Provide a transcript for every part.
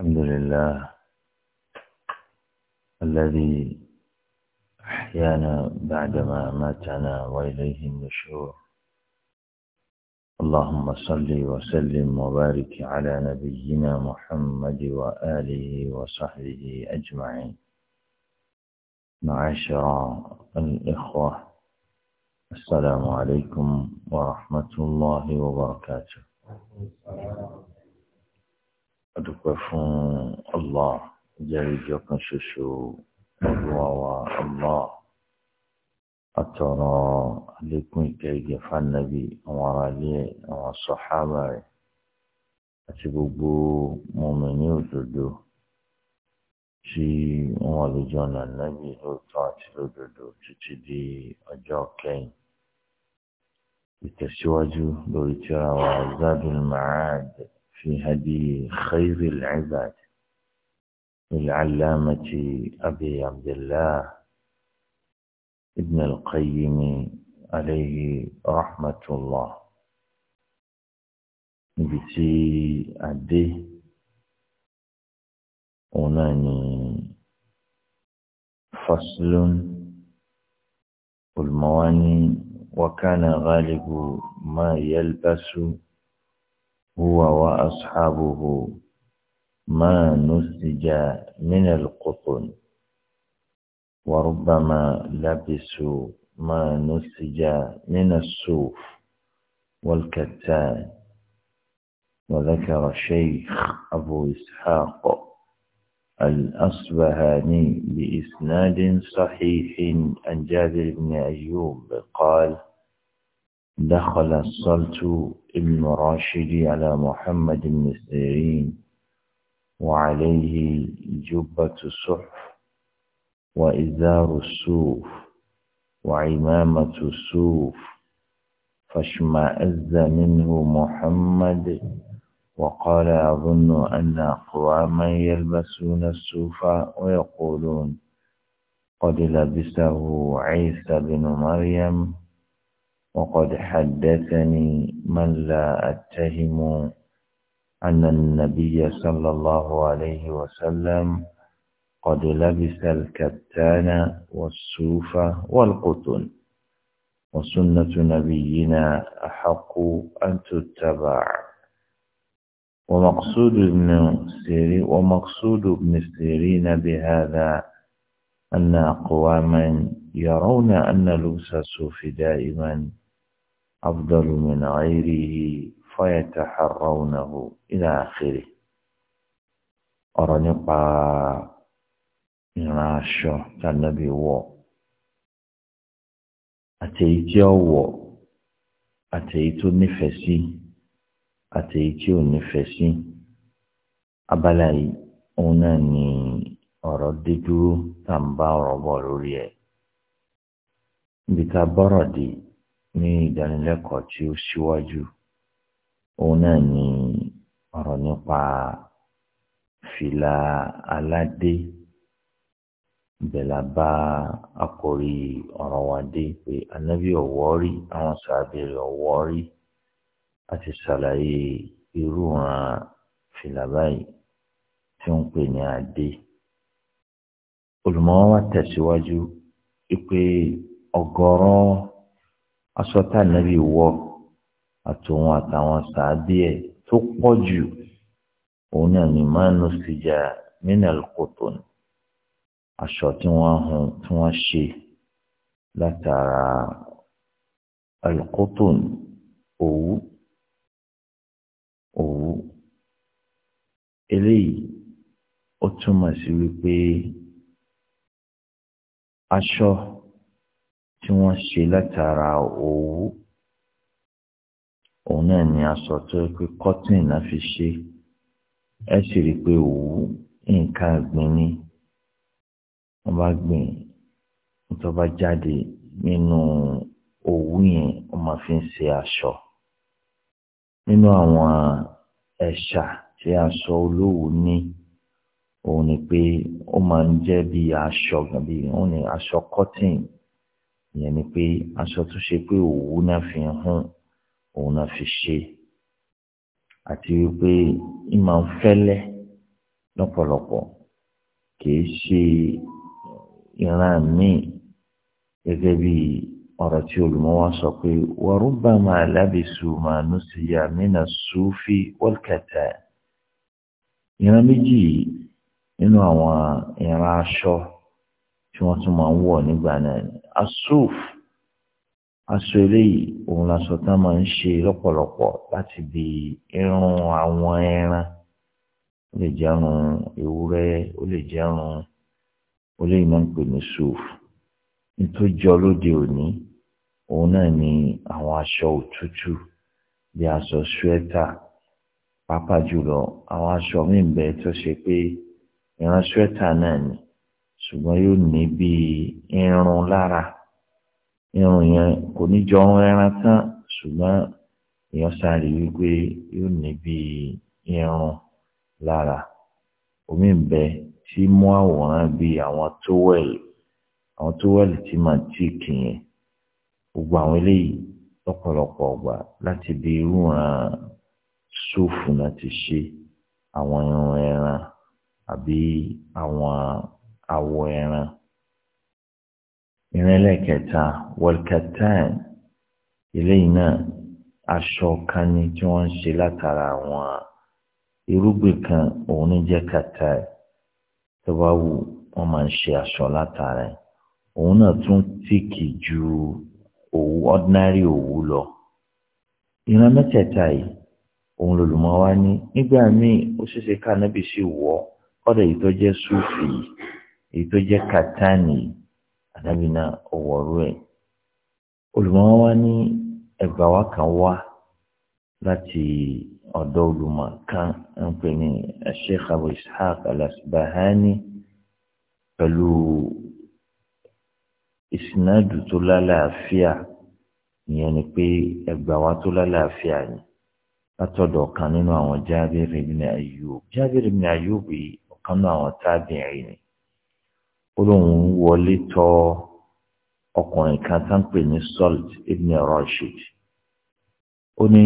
الحمد لله الذي أحيانا بعدما ماتنا وإليه النشور اللهم صل وسلم وبارك على نبينا محمد وآله وصحبه أجمعين معاشر الإخوة السلام عليكم ورحمة الله وبركاته adúpẹ́ fún Allah jẹ́rìí ìjọ kan ṣoṣo olúwa wa Allah àtọ̀rọ̀ àlékún ìkẹ́gẹ́ fánàbí àwọn aráalé àwọn sọ̀hábà rẹ̀ àti gbogbo mọ̀mìnì òdodo tí wọn lè jọ nà lóòótọ́ àti lódodo títí di ọjọ́ kẹyìn ìtẹ̀síwájú lórí wa Zadul في هدي خير العباد للعلامة أبي عبد الله ابن القيم عليه رحمة الله نبتي أديه أناني فصل والمواني وكان غالب ما يلبس هو وأصحابه ما نسج من القطن وربما لبسوا ما نسج من الصوف والكتان وذكر الشيخ أبو إسحاق الأصبهاني بإسناد صحيح عن جابر بن أيوب قال دخل الصلت ابن راشد على محمد بن سيرين وعليه جبة الصحف وإزار السوف وعمامة السوف فاشمأز منه محمد وقال أظن أن أقواما يلبسون السوف ويقولون قد لبسه عيسى بن مريم وقد حدثني من لا أتهم أن النبي صلى الله عليه وسلم قد لبس الكتان والصوف والقطن وسنة نبينا أحق أن تتبع ومقصود ابن سيرين ومقصود ابن سيرين بهذا أن أقواما يرون أن لبس الصوف دائما أفضل من غيره فيتحرونه إلى آخره ọ̀rọ̀ nípa ìran aṣọ tànàbí wọ̀ àtẹ̀yí tí ó wọ̀ àtẹ̀yí tó nífẹ̀ẹ́ sí àtẹ̀yí tí ò nífẹ̀ẹ́ sí abala yìí òun náà ni ọ̀rọ̀ dídúró tá à ń bá ọ̀rọ̀ bọ̀ lórí ẹ̀ ibi tá a bọ̀rọ̀ dé ní ìdánilẹ́kọ̀ọ́ tí ó síwájú òun náà ni ọ̀rọ̀ nípa fìlà aládé ìbẹ̀là bá àkòrí ọ̀rọ̀ wa dé pé anábì ọ̀wọ́ rí àwọn sàbẹ̀rẹ̀ ọ̀wọ́ rí a ti ṣàlàyé irú ìran fìlà báyìí tí ń pè ní adé olùmọ̀ tẹ̀síwájú pé ọ̀gọ̀rọ̀ aṣọ tá nàbí wọ àtòun àtàwọn sàábì ẹ tó pọ̀ jù òun náà ní mánu síjà mineral cotton aṣọ tí wọ́n hun tí wọ́n ṣe látara alcotton òwú òwú eléyìí ó túmọ̀ sí wípé aṣọ. tí wọ́n ṣe látara òwú òun náà ni aṣọ tó yẹ pé cotton náà fi ṣe ẹ sì rí i pé òwú nǹkan ni wọ́n bá gbìn tó bá jáde nínú òwú yẹn wọ́n máa fi ń ṣe aṣọ nínú àwọn ẹ̀ṣà tí aṣọ olówó ní òun ni pé ó máa ń jẹ́ bí aṣọ gan bí òun ìyẹn ni pé aṣọ tó ṣe pé òwú náà fi hàn òun náà fi ṣe àti wípé ìmọ̀ fẹ́lẹ́ lọ́pọ̀lọpọ̀ kìí ṣe ìran míì gẹ́gẹ́ bí ọ̀rọ̀ tí olùmọ́wá sọ pé wàrúbà máa lábìsù máa nù sí ya mínà sùfì wọ́lkẹ̀tà ìran méjì nínú àwọn ìran aṣọ tí wọ́n tún máa ń wọ̀ nígbà Asuf, aṣọ eléyìí òun làṣọ tán máa ń ṣe lọ́pọ̀lọpọ̀ láti di irun àwọn ẹran ó lè jẹun ewúrẹ́ ó lè jẹun ó lè máa ń pè ní sùf nítòjọ lóde òní òun náà ni àwọn aṣọ òtútù bí aṣọ ṣúẹ́tà pàápàá jùlọ àwọn aṣọ míì bẹ tó ṣe pé ìran ṣúẹ́tà náà ni ṣùgbọ́n yóò ní bí irun lára irun yẹn kò ní jọ ọrùn ẹran tán ṣùgbọ́n èèyàn sáré wípé yóò ní bí irun lára omi ń bẹ tí mú àwòrán bíi àwọn tówẹ́lì àwọn tówẹ́lì tí màá tì kìyẹn gbogbo àwọn eléyìí lọ́pọ̀lọpọ̀ ọgbà láti bí irú ràn ṣòfò láti ṣe àwọn irun ẹran àbí àwọn àwọ̀ ẹran ìran ẹlẹ́kẹta wọlkẹtàn eléyìí náà aṣọ kan ni tí wọ́n ń ṣe látara àwọn irúgbìn kan òun ní jẹ́ kàtà tó bá wù wọ́n máa ń ṣe aṣọ látara ẹ̀ òun náà tún tìkì ju òwú ordinary òwú lọ ìran mẹ́tẹ̀ẹ̀ta yìí òun lòlùmọ́ wa ní nígbà míì ó ṣeéṣe ká nábì sí wọ́ ọ́ dẹ̀ yìí tó jẹ́ súfì yìí èyí tó jẹ́ kàtánì ànábì náà ọ̀wọ́rú ẹ̀ olùmọ̀wá wa ní ẹgbà wa kan wá láti ọ̀dọ̀ olùmọ̀ kan ń pè ní Sheikh Abu Ishaq al-Asbahani pẹ̀lú ìsìnàdù tó lálàáfíà ìyẹn ni pé ẹgbà wa tó lálàáfíà ni látọ̀dọ̀ ọ̀kan nínú àwọn Jabir ibn Ayyub Jabir ibn Ayyub ọ̀kan nínú àwọn tábìrì ni ó lóun wọlé tọ ọkùnrin kan tá ń pè ní salt ibn rashid ó ní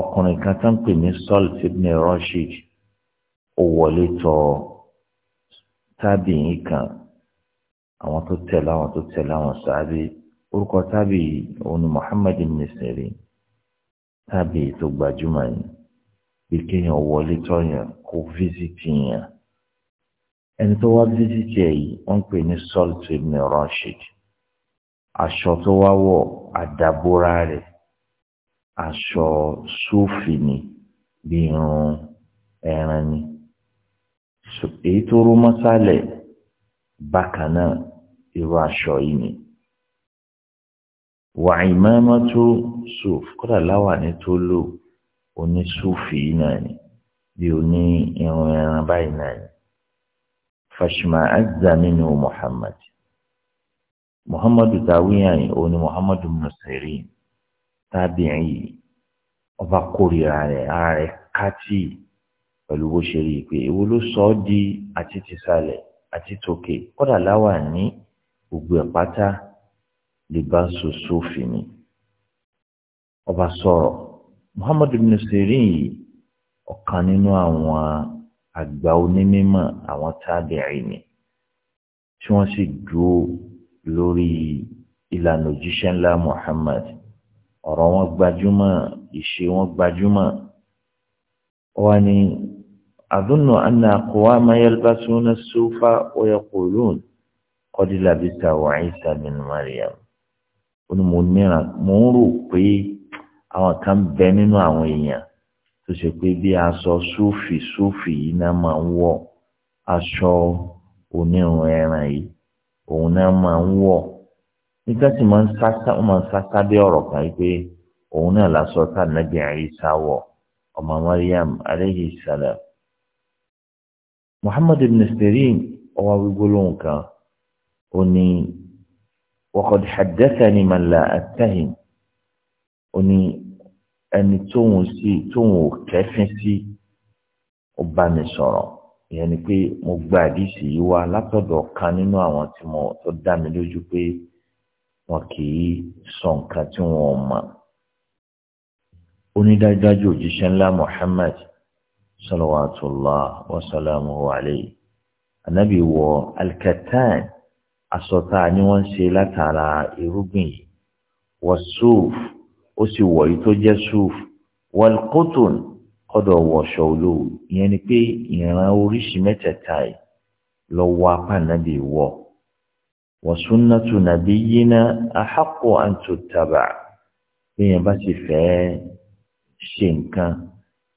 ọkùnrin kan tá ń pè ní salt ibn rashid ó wọlé tọ tábìyìn kan àwọn tó tẹ̀lé àwọn tó tẹ̀lé àwọn sáábì orúkọ tábì òun ni muhammad ibn sirin tábì tó gbajúmọ̀ yìí bí kéèyàn wọlé tọ̀yàn kó fíìsìtì yàn ẹni tó wá fíjìtì ẹ̀ yìí wọ́n ń pè ní salt ibn Rashid aṣọ tó wá wọ̀ àdàbòrà rẹ̀ aṣọ sófì ni bí irun ẹran ni èyí tó rú mọ́sálẹ̀ bákan náà irú aṣọ yìí ni wàá ìmọ̀ọ́mọ́ tó sóf kódà láwà ní tó lò oní sófì yìí náà ni bí oní irun ẹran báyìí náà ni. fashima'azza minhu muhammad muhammadu tawiyan oni muhammadu nasiri tabi'i ọba kórìíra rẹ̀ ara rẹ̀ kájí pẹ̀lú bó ṣe rí i pé ìwò ló sọ ọ́ di àti tìsàlẹ̀ àti tòkè kọ́dà láwà ní gbogbo ọba sọ̀rọ̀ muhammadu bin sirin yìí ọ̀kan nínú àgbà onímọ̀ àwọn tábìrì ni tí wọ́n sì dúró lórí ìlànà òjíṣẹ́ ńlá Muhammad ọ̀rọ̀ wọn gbajúmọ̀ ìṣe wọn gbajúmọ̀ wọn ni àdúnnù anna aqwama yalbasuna as-sufa wa yaqulun qad labisa Isa bin Maryam ó ní mo níra mo ń rò pé àwọn kan bẹ nínú àwọn èèyàn tó ṣe pé bí aṣọ súfì súfì yìí náà máa ń wọ̀ aṣọ onírun ẹran yìí òun náà máa ń wọ̀ nígbà tí wọ́n máa ń sáká bí ọ̀rọ̀ kan yìí pé òun náà lásọ tá nàbí Ìsá wọ̀ ọmọ Maryam aleyhi salam Muhammad ibn Sirin ọwọ́ gbólóhùn kan ó ní waqad haddathani man la attahim ó ní ẹni tóun sí tóun ò kẹ́fín sí ó bá mi sọ̀rọ̀ ìyẹn ni pé mo gba àdìsí yìí wá látọ̀dọ̀ kan nínú àwọn tí mo tó dá mi lójú pé wọn kì í sọ nǹkan tí wọn ò mọ̀ onídájọ́ òjíṣẹ́ ńlá Muhammad salawatullah wa salamuhu alayhi wọ alkatan asọta ni wọ́n ṣe látara irúgbìn yìí wọ ó sì wọ̀ yìí tó jẹ́ suf walcotton kọ́dọ̀ wọ̀ṣọ olówó ìyẹn ni pé ìran oríṣi mẹ́tẹ̀ẹ̀ta yìí lọ wọ apá nàbì wọ wọ̀súnnàtù nàbí yíná ahaqqu an tuttaba bẹ́yẹn bá ti fẹ́ẹ́ ṣe nǹkan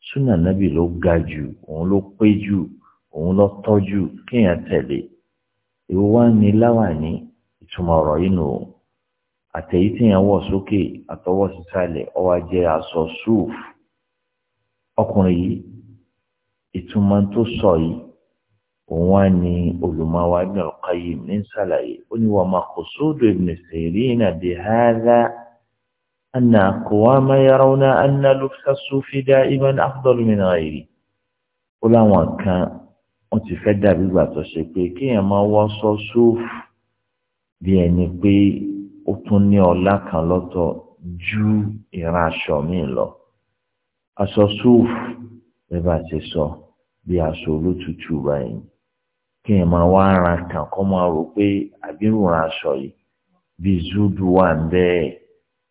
súnà nàbì ló ga jù òun ló pé jù òun ló tọ́ kéèyàn tẹ̀lé ìwọ wá ní ìtumọ̀ ọ̀rọ̀ yìí nù àtẹ̀yí tí yẹn wọ̀ sókè àtọwọ́ sísàlẹ̀ ọwọ́ jẹ́ aṣọ súùf ọkùnrin yìí ìtumọ̀ tó sọ yìí òun wá ní olùmọ̀wá Ibn al-Qayyim ní sàlàyé ó ní wa maqsudu Ibn Sirina bi hadha anna aqwama yarawna anna lubsa súfì da'iman afdalu min ghayri ó láwọn kan wọ́n ti fẹ́ dàbí ìgbà ṣe pé kéèyàn máa wọ́ sọ súùf bí ẹni pé ó tún ní ọlá kan lọ́tọ̀ ju ìran aṣọ míì lọ aṣọ súùfù bẹ́ẹ̀ bá ṣe sọ bí aṣọ olótùtù báyìí kí ẹ máa wá ara kan kọ́ máa rò pé àbírùn aṣọ yìí bí zúdù wà ń bẹ́ẹ̀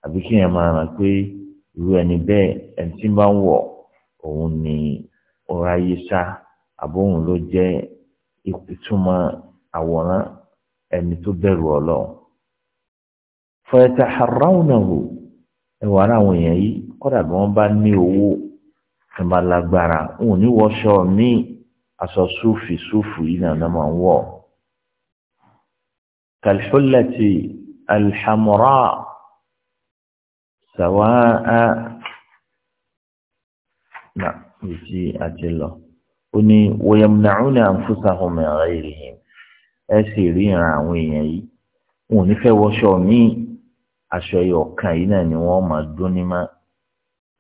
àbí kí ẹ máa rà pé irú ẹni bẹ́ẹ̀ ẹni tí bá ń wọ̀ òun ni ọ̀rá yìí sá àbóhùn ló jẹ́ ìtumọ̀ àwòrán ẹni tó bẹ̀rù ọlọ́run fọyẹtẹ harawunahu ẹwà ara àwọn èèyàn yìí kódà bí wọn bá ní owó ẹ máa lágbára wọn ò ní wọṣọ míì aṣọ súfì súfì yìí náà máa ń wọ. kàlhùlẹ̀tì alḥamura sàwáà náà ìtì àti lọ ó ní wọ́yẹ̀mùnàúnà ànfúsàhùnmẹ̀rẹ̀ ìrìn ẹ̀ sì ríran àwọn èèyàn yìí wọn ò ní fẹ́ wọṣọ míì. aṣọ ìyọ̀kan yìí náà ni wọ́n máa dún ní máa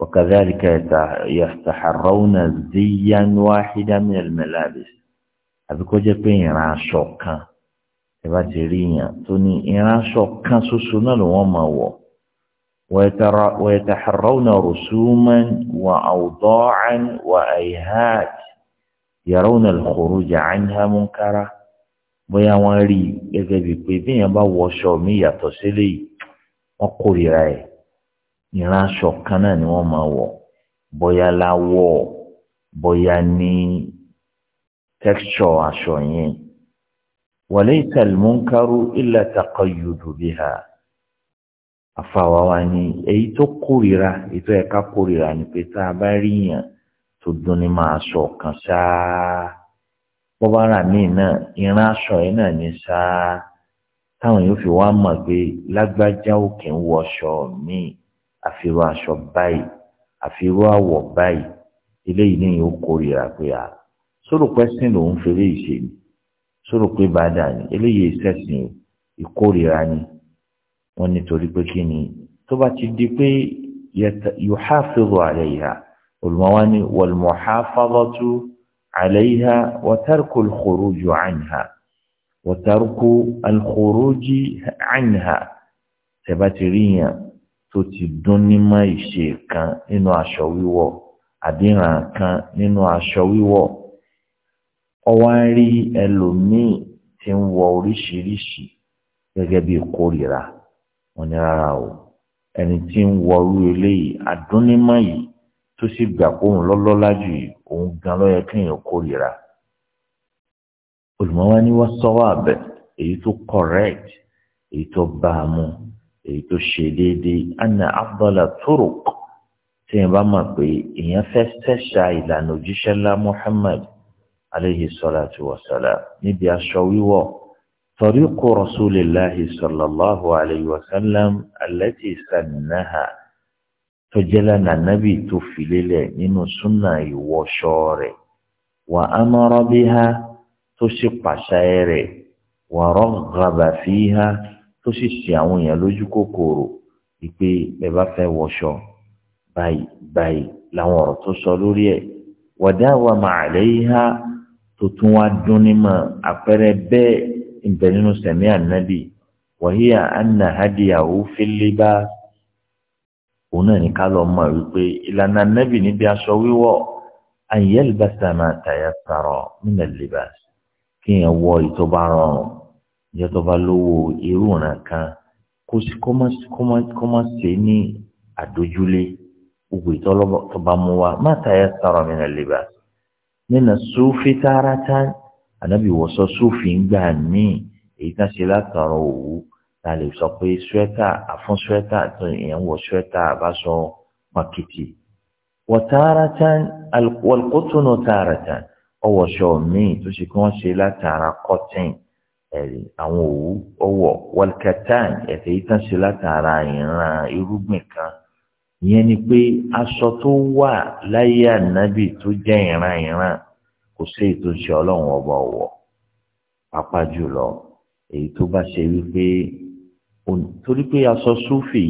وكذلك يستحرون زيا واحدا من الملابس àbí kó jẹ́ pé ìran aṣọ kan ẹ bá ti rí yàn tó ní ìran aṣọ kan ṣoṣo náà ló wọ́n máa wọ̀ ويتحرون رسوما وأوضاعا وأيهات يرون الخروج عنها منكرا bóyá wọ́n rí gẹ́gẹ́ bíi pé bí èèyàn bá wọṣọ mi yàtọ̀ sílé yìí wọ́n kórìíra ẹ̀ ìran aṣọ kan náà ni wọ́n máa wọ̀ bóyá láwọ̀ bóyá ní texture aṣọ yẹn walaysa al-munkaru illa taqayyudu biha àfàwà wa ni èyí tó kórìíra èyí tó kórìíra ni pé tá a bá rí yàn tó dún ní máa aṣọ kan ṣáá bó míì náà ìran aṣọ yẹn náà ní ṣáá táwọn yóò fi wá mọ̀ pé lágbájá ò kì í wọṣọ míì àfirú aṣọ báyìí àfirú àwọ̀ báyìí eléyìí ni yóò kórìíra pé a sọ̀rọ̀ pé sìn lòun fèrè ìṣe ni sọ̀rọ̀ pé bàdà ni eléyìí ìṣẹ̀sìn ìkórìíra ni wọ́n nítorí pé kí ni tó bá ti di pé yuhafizu alayha olùmọ̀wá ni wal muhafazatu alayha wa tarkul khuruju anha wọ̀tárúkú alukórójì àìníhà tẹ̀bá ti rí yàn tó ti dún ní má ìṣe kan nínú aṣọ wíwọ̀ àdínràn kan nínú aṣọ wíwọ̀ ọwọ́ ń rí ẹlòmíì tí ń wọ oríṣiríṣi gẹ́gẹ́ bí ìkórìíra wọn ni rárá o ẹni tí ń wọrú eléyìí adúnímọ̀ yìí tó sì gbà pé lọ́lọ́lá jù yìí òun gan yẹ kéèyàn kórìíra olùmọ̀wá ni wọ́n sọ́wọ́ àbẹ̀ èyí tó correct èyí tó bá a mú èyí tó ṣe déédéé ana abdullah turuq tí yẹn bá mọ̀ pé èèyàn fẹ́ tẹ̀sà ìlànà òjíṣẹ́ ńlá muhammad aleyhi salatu wa salam níbi aṣọ wíwọ̀ tariqu rasulillahi sallallahu alayhi wa sallam allati sannaha tó jẹ́ tó fi nínú súnà ìwọṣọ rẹ̀ wa amara biha tó sì pàṣẹ rẹ̀ wàrọ̀ gàbà fìhà tó sì ṣe àwọn èèyàn lójú kòkòrò wípé ẹ bá fẹ́ wọṣọ báyìí báyìí làwọn ọ̀rọ̀ tó sọ lórí ẹ̀ wàdáwà màálẹ́ ìhà tó tún wá dún ní mọ́ àpẹẹrẹ bẹ́ẹ̀ ìbẹ̀ nínú sẹ̀mí ànábì wàhíà anna hadiyahu fílíbà òun náà ní ká lọ mọ̀ wípé ìlànà ànábì níbi aṣọ wíwọ̀ ayélujára máa tàyà sàrọ̀ nílẹ̀ libas kéèyàn wọ ìtọ́ba rọrùn ìjọ tó bá lówó irú ìran kan kó sì kó má ṣe ní àdójúlé gbogbo ìtọ́lọ́bọ̀ tó bá mú wa má tàyà sọ̀rọ̀ mi nàlẹ́ bá nínú sófin tààràtà ànábì wọ̀sọ sófin gbà ní èyí tá ṣe látọ̀rọ̀ òwú ta lè sọ pé swẹ́tà àfún swẹ́tà tó èèyàn wọ swẹ́tà àbáṣọ pàkìtì wọ̀ tààràtà wọ̀lùkọ́tùnù tààràtà ọwọṣọ míì tó ṣe kí wọn ṣe látara cotton ẹrí àwọn òwú ọwọ wọlkatan ẹfẹ yìí tán ṣe látara ìran irúgbìn kan ìyẹn ni pé aṣọ tó wà láyé ànábì tó jẹ ìran ìran kò sí èyí tó ṣe Ọlọ́run ọba ọwọ pàápàá jùlọ èyí tó bá ṣe wípé torí pé aṣọ súfì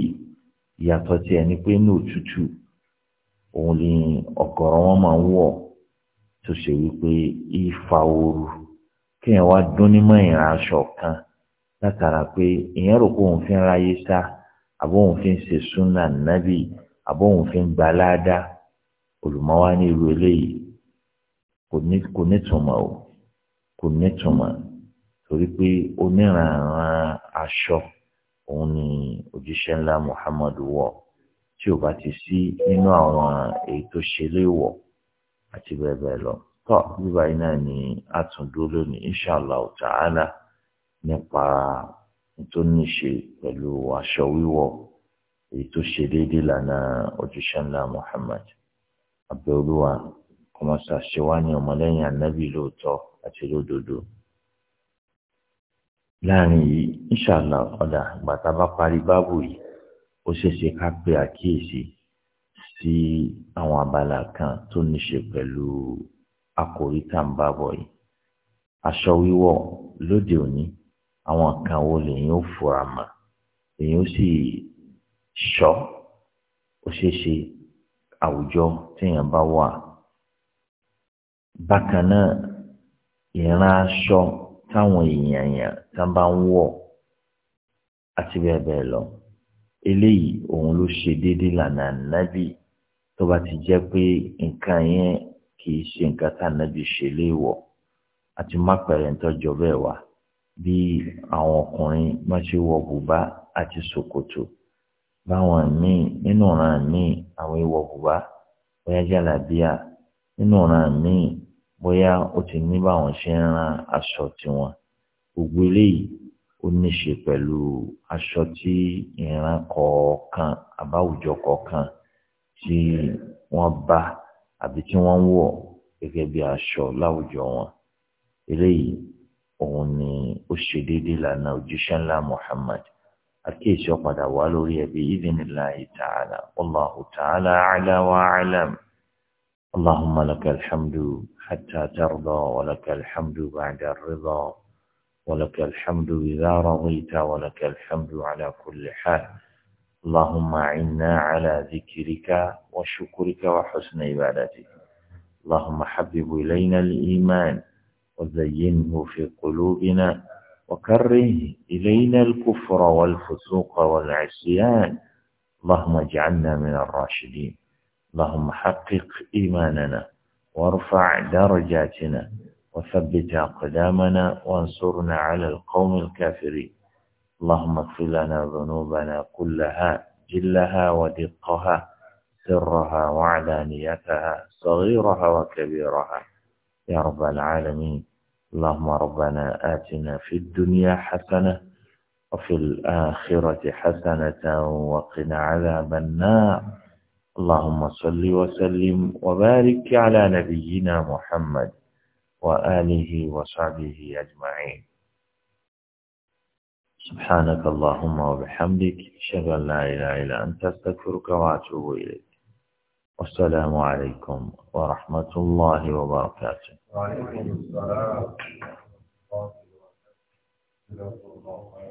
ìyàtọ̀ tiẹ̀ ni pé ní òtútù òun ni ọ̀gọ̀rọ̀ wọn máa ń wọ̀ tó ṣe wípé ìfà ooru kéèyàn wá dún nímọ̀ ìran aṣọ kan látara pé èèyàn rò pé òun fi ń ráyé sá àbó òun fi ń ṣe súnà nábì àbó òun fi ń gba aláàdá olùmọ́wá ní irú eléyìí kò nítumọ̀ o kò nítumọ̀ torí pé oníranran aṣọ òun ni òjíṣẹ́ ńlá Muhammadu wọ̀ tí ò bá ti sí nínú àwọn èyí tó ṣe léwọ̀. àti bẹ́ẹ̀ bẹ́ẹ̀ lọ. tọ́ bíbá yìí náà ni a tún dúró lónìí inshallah ta'ala nípa tó ní ṣe pẹ̀lú aṣọ wíwọ̀ èyí tó ṣe déédéé Muhammad ní àti lódodo láàrin yìí inshallah ọ̀dà ìgbà tá a bá parí àkíyèsí sí àwọn abala kan tó ní ṣe pẹ̀lú àkòrí tá à ń bá bọ̀ yìí. Aṣọ wíwọ̀ lóde òní àwọn kan wo lèyìn ó fura mà lèyìn ó sì ṣọ́ ó ṣeé ṣe àwùjọ téèyàn bá wà. Bákan náà ìran aṣọ táwọn èèyàn yàn tá bá ń wọ̀ àti bẹ́ẹ̀ bẹ́ẹ̀ lọ eléyìí òun ló ṣe déédéé lànà nábì tó bá ti jẹ́ pé nǹkan yẹn kì í ṣe nǹkan tá ànábì ṣe léèwọ̀ àti mápẹ̀rẹ̀ ń tọ́jọ́ bẹ́ẹ̀ wá bí àwọn ọkùnrin má ṣe wọ bùbá àti ṣòkòtò báwọn míì nínú ọ̀ràn míì àwọn ìwọ bùbá bóyá jàlábíà nínú ọ̀ràn míì bóyá ó ti ní báwọn ṣe ń ran aṣọ tiwọn gbogbo eléyìí ó ní ṣe pẹ̀lú aṣọ tí ìran kọ̀ọ̀kan àbáwùjọ kọ̀ọ̀kan tí wọ́n bá àbí tí wọ́n ń wọ̀ gẹ́gẹ́ bí aṣọ láwùjọ wọn eléyìí òun ni ó ṣe déédéé lànà òjíṣẹ́ ńlá Muhammad àkíyèsí ọ̀padà wá lórí ẹ̀bí idhnillahi ta'ala wallahu ta'ala a'la wa اللهم لك الحمد حتى ترضى ولك الحمد بعد الرضا ولك الحمد إذا رضيت ولك الحمد على كل حال اللهم عنا على ذكرك وشكرك وحسن عبادتك اللهم حبب إلينا الإيمان وزينه في قلوبنا وكره إلينا الكفر والفسوق والعصيان اللهم اجعلنا من الراشدين اللهم حقق إيماننا وارفع درجاتنا وثبت أقدامنا وانصرنا على القوم الكافرين اللهم اغفر لنا ذنوبنا كلها جلها ودقها سرها وعلانيتها صغيرها وكبيرها يا رب العالمين اللهم ربنا آتنا في الدنيا حسنة وفي الآخرة حسنة وقنا عذاب النار اللهم صل وسلم وبارك على نبينا محمد وآله وصحبه أجمعين سبحانك اللهم وبحمدك أشهد أن لا إله إلا أنت أستغفرك وأتوب إليك والسلام عليكم ورحمة الله وبركاته وعليكم السلام ورحمة الله وبركاته